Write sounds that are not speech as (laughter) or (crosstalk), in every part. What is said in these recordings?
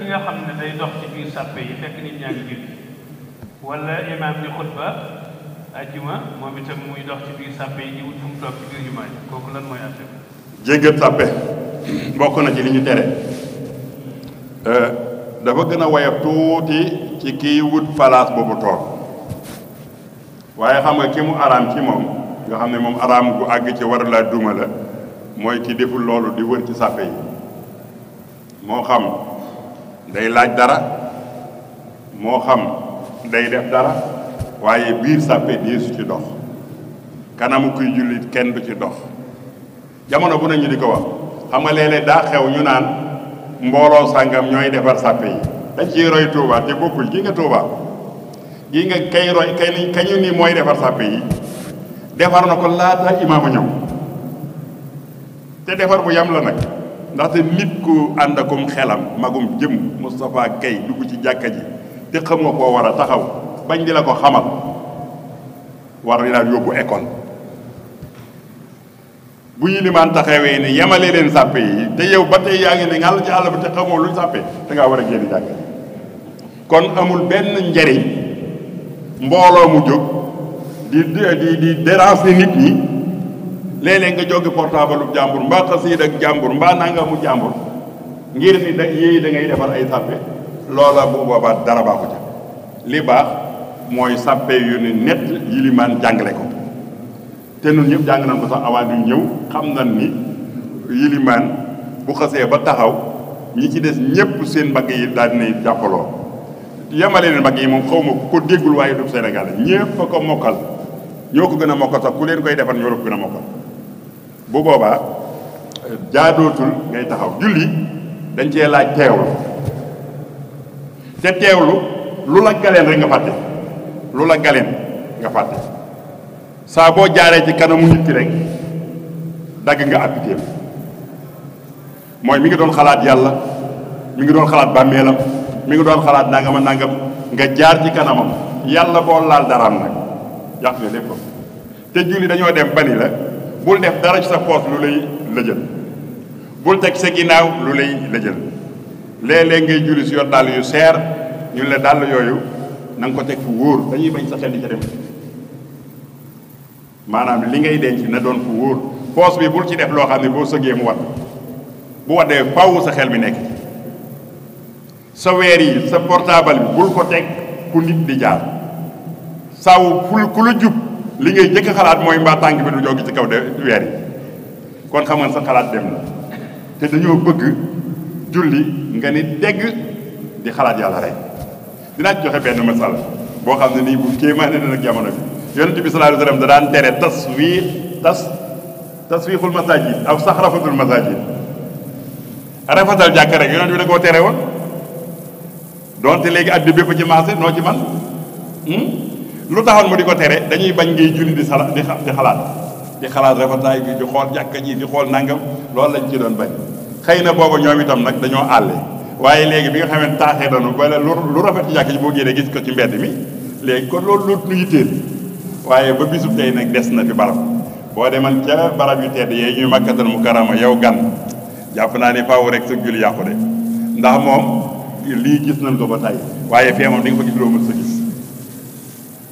li nga xam ne day dox ci biir sàppe yi fekk nit ñaa ngi julli wala imaam di xutba ajjuma moom itam muy dox ci biir sàppe yi di toog ci biir jumaa ji bokk na ci li ñu tere euh, dafa gën a woyof tuuti ci kiy wut palaas boobu toog waaye xam nga ki mu araam ci moom nga xam ne moom araam gu àgg ci war laa duma la mooy ki deful loolu di wër ci sàppe yi moo xam day laaj dara moo xam day def dara waaye biir sàppe deesu ci dox kanamu kuy jullit kenn du ci dox jamono bu nañu di ko wax xam nga léeg daa xew ñu naan mbooloo sàngam ñooy defar sàppe yi dañ ciy roy Touba te bokkul gi nga Touba gi nga kay roy kay kañu ni mooy defar sàppe yi defar na ko laata imaama ñëw te defar bu yam la nag ndaxte nit ku ànd akum xelam magum jëm Moustapha Kay dugg ci jàkka ji te xamoo koo war a taxaw bañ di la ko xamal war na yóbbu école bu ñu limaan taxawee ne yemale leen sàppe yi te yow ba tey yaa ngi ne ngàll ci àll bi te xamoo luñ sàppe da ngaa war a génn jàkka ji kon amul benn njariñ mbooloo mu jóg di di di déranger nit ñi léeg-léeg nga joggi portable bu jàmbur mbaa xasiid ak jàmbur mbaa nangamu jàmbur ngir ni da yéey da defar ay sàppe loola bu boobaa dara baaxu ca li baax mooy sàppe yu ne nett yilimaan jàngale ko te nun ñëpp jàng nañ ko sax avant ñu ñëw xam na ni yilimaan bu xasee ba taxaw ñi ci des ñëpp seen mbagg yi daal jàppaloo yemale leen mbagg yi moom xaw ma ko déggul waaye du Sénégal ñëpp a ko mokkal ñoo ko gën a mokkal sax ku leen koy defar ñoo ko bu boobaa jaadootul ngay taxaw julli dañ cee laaj teewlu te teewlu lu la galeen rek nga fàtte lu la galeen nga fàtte saa boo jaaree ci kanamu nit ki rek dagg nga appitéem mooy mi ngi doon xalaat yàlla mi ngi doon xalaat bàmmeelam mu ngi doon xalaat nangama nangam nga jaar ci kanamam yàlla boo laal daraam nag yàq na lépp ko te julli dañoo dem bani la bul def dara ci sa poos lu lay lëjël bul teg sa ginnaaw lu lay lëjël léeg-léeg ngay julli si yor dàll yu seer ñu la dal yooyu na nga ko teg fu wóor dañuy bañ sa xel di ca dem maanaam li ngay denc na doon fu wóor poos bi bul ci def loo xam ne boo sëgee mu wat bu waddee faaw sa xel bi nekk sa weer yi sa portaabal bi bul ko teg ku nit di jaar ku la jub li ngay jëkk xalaat mooy mbaa tànk bi du jóg ci kaw de weer yi kon xam sa xalaat dem na te dañoo bëgg julli nga ni dégg di xalaat yàlla rek dinaa joxe benn masal boo xam ne nii bu kéemaane na nag jamono bi yonente bi sallallahu alayhi wasallam da daan tere taswii tas taswiixul masaajid aw sax rafatul masaajid rafatal jàkk rek yonente bi da koo tere woon donte léegi addi bépp ci maase noo ci man hmm? lu taxoon mu di ko tere dañuy bañ ngay julli di sala di xalaat di ko rafetaay bi di xool jàkka ji di xool nangam loolu lañ ci doon bañ xëy na booba ñoom itam nag dañoo àlle waaye léegi bi nga xam ne taaxee doonu wala lu rafet jàkk jàkka ji boo génnee gis ko ci mbedd mi léegi kon loolu lu nu yitteel waaye ba bisu tey nag des na fi barab boo deman ca barab yu tedd yee ñuy makkatal mu karama yow gan jàpp naa ne faaw rek sa julli yàqu de ndax moom lii gis nañ ko ba tey waaye fee moom di nga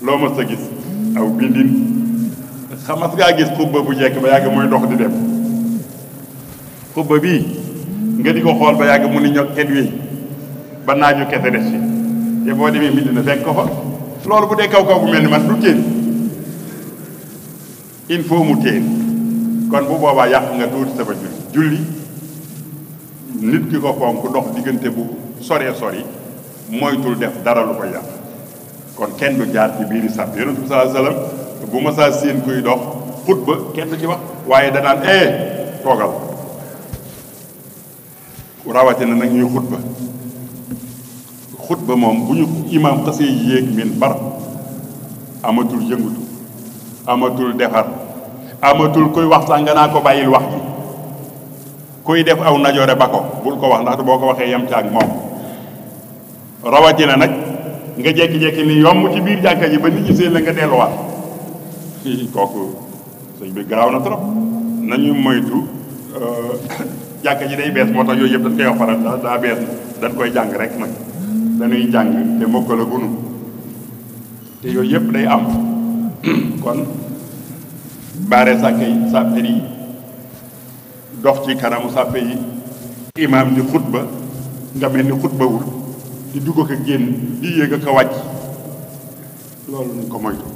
loo ma sa gis aw bindin xamas ngaa gis xubba bu jekk ba yàgg muy dox di dem xubba bii nga di ko xool ba yàgg mu ni ño ket wi ba naaju kese des ci te boo demee mbind na fekk ko fa loolu bu dee kaw kaw bu mel ni man du téen il faut mu téen kon bu boobaa yàq nga tuuti sa sama julli julli nit ki ko konk dox diggante bu soree sori moytul def dara lu ko yàq kon kenn du jaar ci biiri sàpp yonent bi sallallahu bu ma saa seen kuy dox xutba kenn du ci wax waaye danaan eh toogal rawatina nag ñuy xutba xutba moom bu ñu imaam xasee yéeg min bar amatul yëngutu amatul defar amatul kuy wax sax nga ko bàyyil wax ji kuy def aw najoore ba ko bul ko wax ndax boo ko waxee yem ak moom rawatina nag nga jekki-jekki ni yomb ci biir jàkka ji ba nit ñi seen la nga delluwaat (laughs) kooku sëñ bi garaaw na trop nañu moytu euh, (coughs) jàkka ji day bees moo tax yooyu yëpp dañ koy jàng rek nag dañuy jàng te mokkal a gunu te yooyu yëpp day am (coughs) kon baare sàkke yi sàppe yi dox ci kanamu sàppe yi imaam di xutba nga mel ni xutba di dugg ak a génn di yéeg ak a wàcc loolu nañ ko moytu